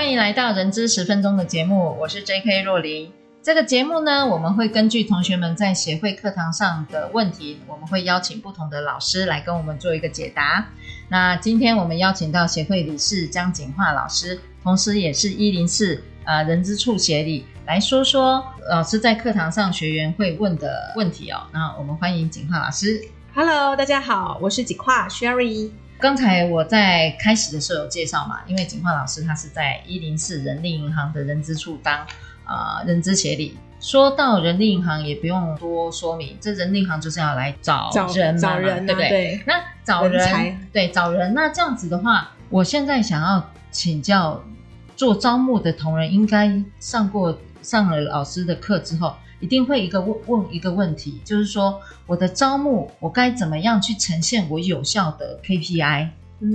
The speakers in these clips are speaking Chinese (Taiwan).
歡迎來到人資十分鐘的節目，我是 J.K. 若羚。這個節目呢，我們會根據同學們在協會課堂上的問題，我們會邀請不同的老師來跟我們做一個解答。那今天我們邀請到協會理事江錦樺老師，同時也是一零四呃人資協理來說說老師在課堂上學員會問的問題哦。那我們歡迎錦樺老師。Hello，大家好，我是錦樺 Sherry。剛才我在開始的時候有介紹嘛，因為錦樺老師他是在104人力銀行的人資處當啊、呃、人資協理。說到人力銀行，也不用多說明，這人力銀行就是要來找人嘛，嘛找找人，啊，對不對？對，那找人，人對找人，啊。那這樣子的話，我現在想要請教做招募的同仁，應該上過上了老師的課之後。一定會一個問，問一個問題，就是說我的招募，我該怎麼樣去呈現我有效的 KPI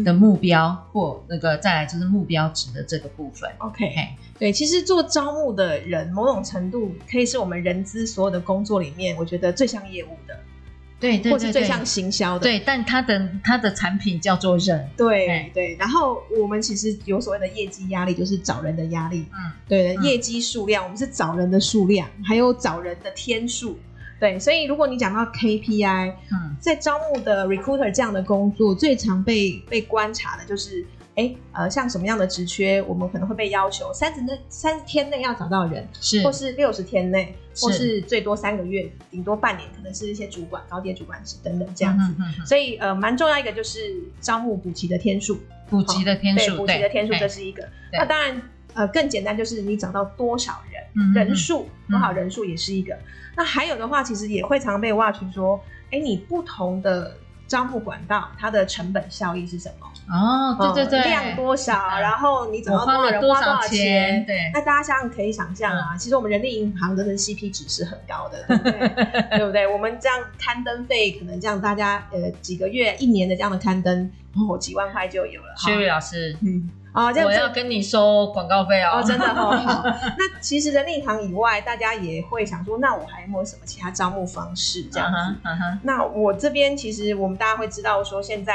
的目標，嗯，或那個再來就是目標值的這個部分。OK，okay，對，其實做招募的人，某種程度可以是我們人資所有的工作裡面，我覺得最像業務的。對，對，對，對，或是最像行銷的。對對對，對，但他的他的產品叫做人，對，對，對，然後我們其實有所謂的業績壓力，就是找人的壓力，嗯，對的，業績數量、嗯，我們是找人的數量，還有找人的天數，對，所以如果你講到 KPI，嗯，在招募的 recruiter 這樣的工作，嗯、最常被被觀察的就是。哎，呃，像什麼樣的職缺，我們可能會被要求三十三十天內要找到人，是，或是六十天內，或是最多三個月，頂多半年，可能是一些主管、高級主管職等等這樣子，嗯哼哼。所以，呃，蠻重要一個就是招募補齊的天數，補齊的天數，哦，對補齊的天數，這是一個。那當然，呃，更簡單就是你找到多少人，嗯，哼哼人數多少人數也是一個，嗯哼哼。那還有的話，其實也會常被挖去說，哎，你不同的。招募管道，它的成本效益是什麼？哦，對對對，量多少？然後你怎麼招人花了？花多少錢？對，那大家想可以想象啊、嗯。其實我們人力銀行的 CP 值是很高的，嗯、對、不對， 對不對？我們這樣刊登費，可能這樣大家呃幾個月、一年的這樣的刊登，哦幾萬塊就有了。Sherry、嗯、老師，嗯。哦、這樣我要跟你收廣告費哦，哦，真的、哦，好。那其實人力銀行以外，大家也會想說，那我還有沒有什麼其他招募方式這樣子？嗯哼，那我這邊其實我們大家會知道，說現在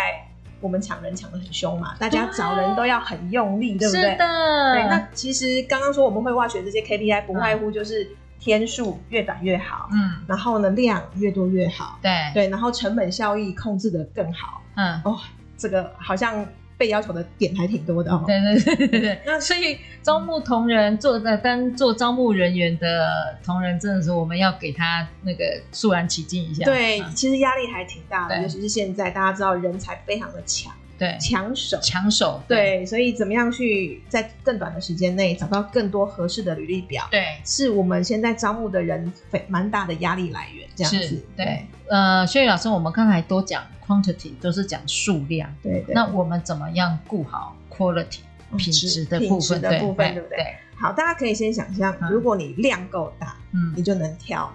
我們搶人搶得很凶嘛，大家找人都要很用力， 對不對？是的。對，那其實剛剛說我們會挖掘這些 KPI，不外乎就是天數越短越好，嗯，然後呢量越多越好，對，對，然後成本效益控制得更好，嗯，哦，這個好像。被要求的點還挺多的哦，對對對對，那 所以招募同仁做的當做招募人員的同仁真的是我們要給他那個肅然起敬一下。對、嗯，其實壓力還挺大的，尤其是現在大家知道人才非常的強，對，搶手，搶手，對，對，所以怎麼樣去在更短的時間內找到更多合適的履歷表，對，是我們現在招募的人非蠻大的壓力來源，這樣子，對。呃，Sherry 老師，我們剛才都講 quantity，都是講數量。對，對，對，那我們怎麼樣顧好 quality，品質的、哦、的部分？對，對不對，對，對？好，大家可以先想象、嗯，如果你量夠大，嗯，你就能挑。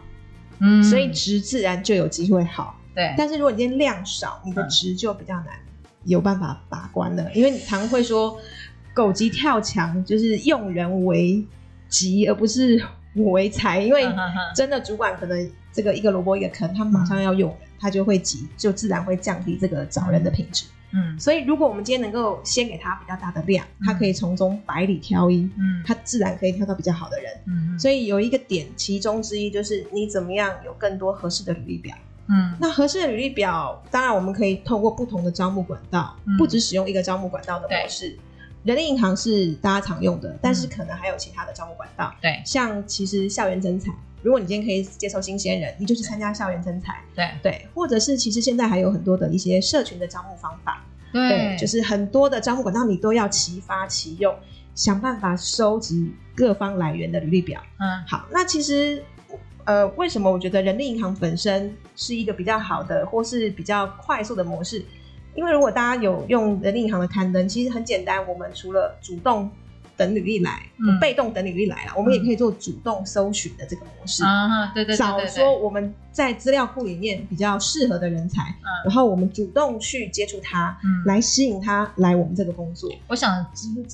嗯，所以質自然就有機會好。對、嗯，但是如果你今天量少，你的質就比較難、嗯、有辦法把關了，因為你常會說“狗急跳牆”，就是用人為急，而不是我為才，因為真的主管可能。這個一個蘿蔔一個坑，他馬上要用人，嗯、他就會急，就自然會降低這個找人的品質。嗯。嗯，所以如果我們今天能夠先給他比較大的量，他可以從中百裡挑一，嗯，他自然可以挑到比較好的人。嗯，所以有一個點其中之一就是你怎麼樣有更多合適的履歷表。嗯，那合適的履歷表，當然我們可以透過不同的招募管道，嗯、不只使用一個招募管道的、模式。人力銀行是大家常用的，但是可能還有其他的招募管道，對、嗯，像其實校園徵才。如果你今天可以接受新鮮人，你就去參加校園徵才。對對，或者是其實現在還有很多的一些社群的招募方法。對，對就是很多的招募管道，你都要齊發齊用，想辦法收集各方來源的履歷表。嗯，好，那其實呃，為什麼我覺得人力銀行本身是一個比較好的，或是比較快速的模式？因為如果大家有用人力銀行的刊登，其實很簡單，我們除了主動，等履歷來，被動等履歷來了、嗯，我們也可以做主動搜尋的這個模式啊，對對對，找、嗯、說我們在資料庫裡面比較適合的人才、嗯，然後我們主動去接觸他、嗯，來吸引他來我們這個工作。我想，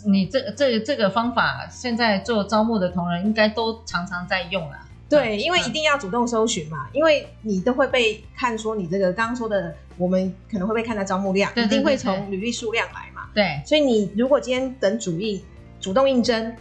你這這個、這個方法，現在做招募的同仁應該都常常在用了。對、嗯，因為一定要主動搜尋嘛、嗯，因為你都會被看說你這個剛剛說的，我們可能會被看到招募量，對對對，一定會從履歷數量來嘛。對，所以你如果今天等主意。主動應徵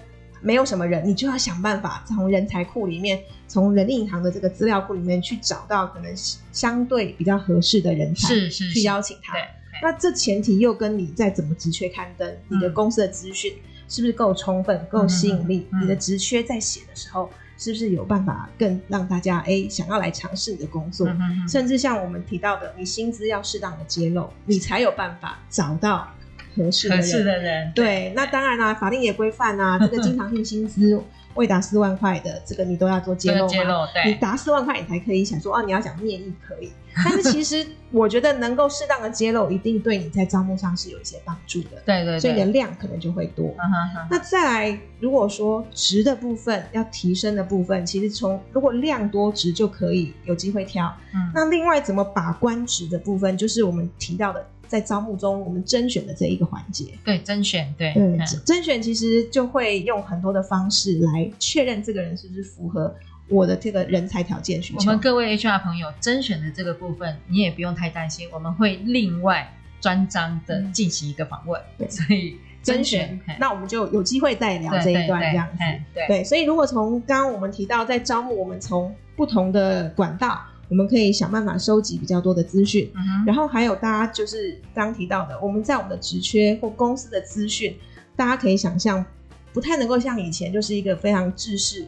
沒有什麼人，你就要想辦法從人才庫裡面，從人力銀行的這個資料庫裡面去找到可能相對比較合適的人才，是是，是去邀請他。那這前提又跟你在怎麼職缺刊登、嗯，你的公司的資訊是不是夠充分、夠吸引力？嗯嗯嗯、你的職缺在寫的時候是不是有辦法更讓大家誒想要來嘗試你的工作、嗯嗯嗯？甚至像我們提到的，你薪資要適當的揭露，你才有辦法找到。合適合適的人，對，對對對那當然啦、啊，法定也規範啦，這個經常性薪資未達四萬塊的，這個你都要做揭露嗎、啊？揭露對你達四萬塊，你才可以想說哦，你要講面議可以。但是其實我覺得能夠適當的揭露，一定對你在招募上是有一些幫助的。對對,對，所以的量可能就會多。Uh -huh, uh -huh. 那再來，如果說值的部分要提升的部分，其實從如果量多值就可以有機會挑、嗯。那另外怎麼把關值的部分，就是我們提到的。在招募中，我們甄選的這一個環節，對甄選，對對甄選，其實就會用很多的方式來確認這個人是不是符合我的這個人才條件需求。我們各位 HR 朋友，甄選的這個部分，你也不用太擔心，我們會另外專章的進行一個訪問。嗯、對，所以甄選、嗯，那我們就有機會再聊這一段這樣子。對，對對嗯、對對所以如果從剛剛我們提到在招募，我們從不同的管道，我們可以想辦法收集比較多的資訊、嗯，然後還有大家就是剛提到的，我們在我們的職缺或公司的資訊，大家可以想象不太能夠像以前就是一個非常制式、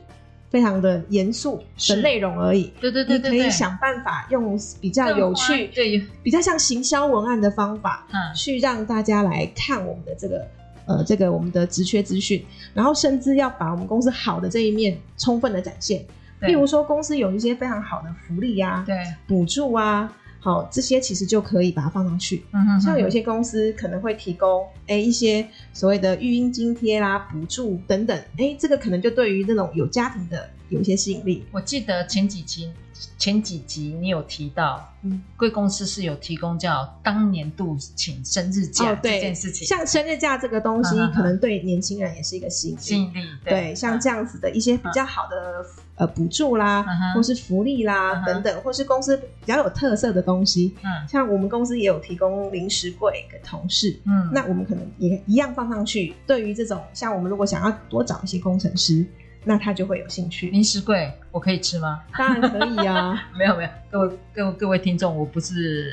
非常的嚴肅的內容而已。對對，對對對，你可以想辦法用比較有趣，對比較像行銷文案的方法，嗯，去讓大家來看我們的這個呃這個我們的職缺資訊，然後甚至要把我們公司好的這一面充分的展現。例如說，公司有一些非常好的福利呀、啊，對，補助啊，好，這些其實就可以把它放上去。嗯哼，嗯哼，像有一些公司可能會提供哎、欸、一些所謂的育嬰津貼啦、補助等等，哎、欸，這個可能就對於那種有家庭的。有些吸引力。我記得前幾集，前幾集你有提到，嗯，貴公司是有提供叫當年度請生日假、哦、這件事情，像生日假這個東西，嗯、哼哼可能對年輕人也是一個吸引力。吸引力對，對，像這樣子的一些比較好的呃補助啦、嗯，或是福利啦、嗯、等等，或是公司比較有特色的東西。嗯，像我們公司也有提供零食櫃給同事，嗯，那我們可能也一樣放上去。對於這種，像我們如果想要多找一些工程師。那他就會有興趣。零食櫃，我可以吃嗎？當然可以啊。 沒有沒有，各位各各位聽眾，我不是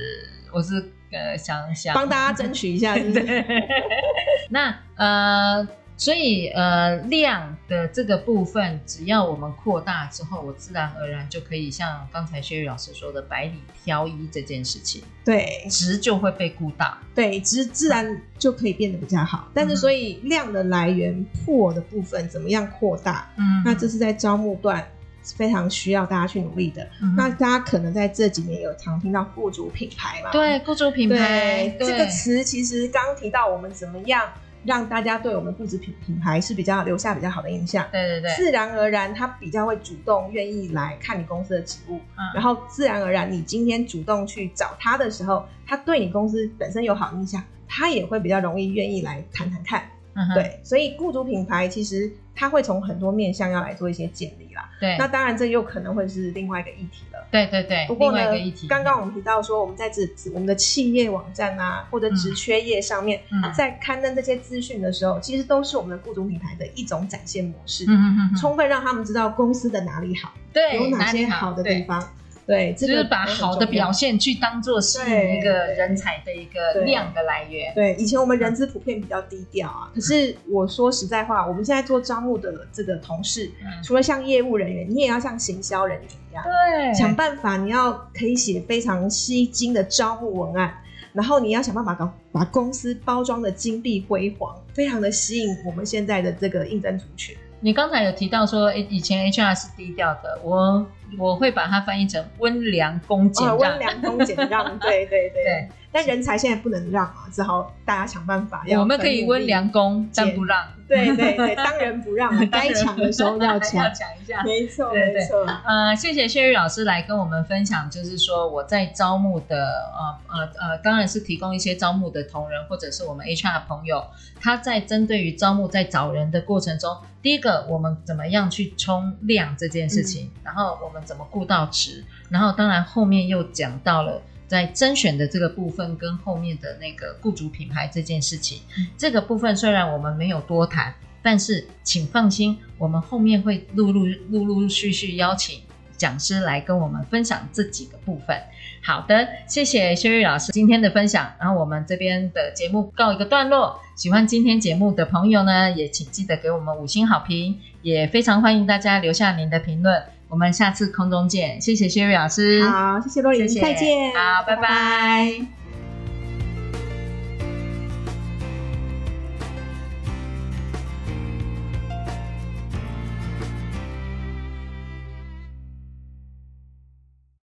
我是呃想想，幫大家爭取一下，是不是？ 對 那呃。所以，呃，量的這個部分，只要我們擴大之後，我自然而然就可以像剛才 Sherry 老師說的“百裡挑一”這件事情，對，質就會被估大，對，質自然就可以變得比較好。嗯、但是，所以量的來源、嗯、破的部分，怎麼樣擴大？嗯，那這是在招募段非常需要大家去努力的。嗯、那大家可能在這幾年有常聽到僱主品牌嘛？對，僱主品牌，對，對，這個詞，其實剛提到我們怎麼樣。讓大家對我們雇主品品牌是比較留下比較好的印象，對對對，自然而然他比較會主動願意來看你公司的職務，嗯、然後自然而然你今天主動去找他的時候，他對你公司本身有好印象，他也會比較容易願意來談談看。嗯、對，所以雇主品牌其實它會從很多面向要來做一些建立啦。對，那當然這又可能會是另外一個議題了。對對對，不過呢個議題剛剛我們提到說我們在這我們的企業網站啊或者職缺頁上面，嗯嗯，在刊登這些資訊的時候，其實都是我們的雇主品牌的一種展現模式，嗯哼哼哼。充分讓他們知道公司的哪裡好，對，有哪些好的地方。對、這個，就是把好的表現去當作吸引一個人才的一個量的來源對對。對，以前我們人資普遍比較低調啊、嗯。可是我說實在話，我們現在做招募的這個同事，嗯、除了像業務人員，你也要像行銷人員一樣，對，想辦法你要可以寫非常吸睛的招募文案，然後你要想辦法把把公司包裝的金碧輝煌，非常的吸引我們現在的這個應徵族群。你剛才有提到說，以前 HR 是低調的，我。我會把它翻譯成溫良恭儉讓，溫、哦、良恭儉讓，對對對， 對，對。但人才現在不能讓啊，只好大家想辦法。我們可以溫良恭，但不讓。 對對對，當仁不讓，該 搶的時候要搶一,一下。沒錯沒錯、啊。呃，謝謝 Sherry 老師來跟我們分享，就是說我在招募的，呃呃呃，當、呃、然是提供一些招募的同仁或者是我們 HR 朋友，他在針對於招募在找人的過程中，第一個我們怎麼樣去衝量這件事情，嗯、然後我們。怎麼顧到質？然後當然後面又講到了在甄選的這個部分，跟後面的那個雇主品牌這件事情。這個部分雖然我們沒有多談，但是請放心，我們後面會陸陸陸,陸陸續續邀請講師來跟我們分享這幾個部分。好的，謝謝 Sherry 老師今天的分享。然後我們這邊的節目告一個段落。喜歡今天節目的朋友呢，也請記得給我們五星好評，也非常歡迎大家留下您的評論。我們下次空中見，謝謝 Sherry 老師。好，謝謝若羚，再見。好，拜拜。拜拜。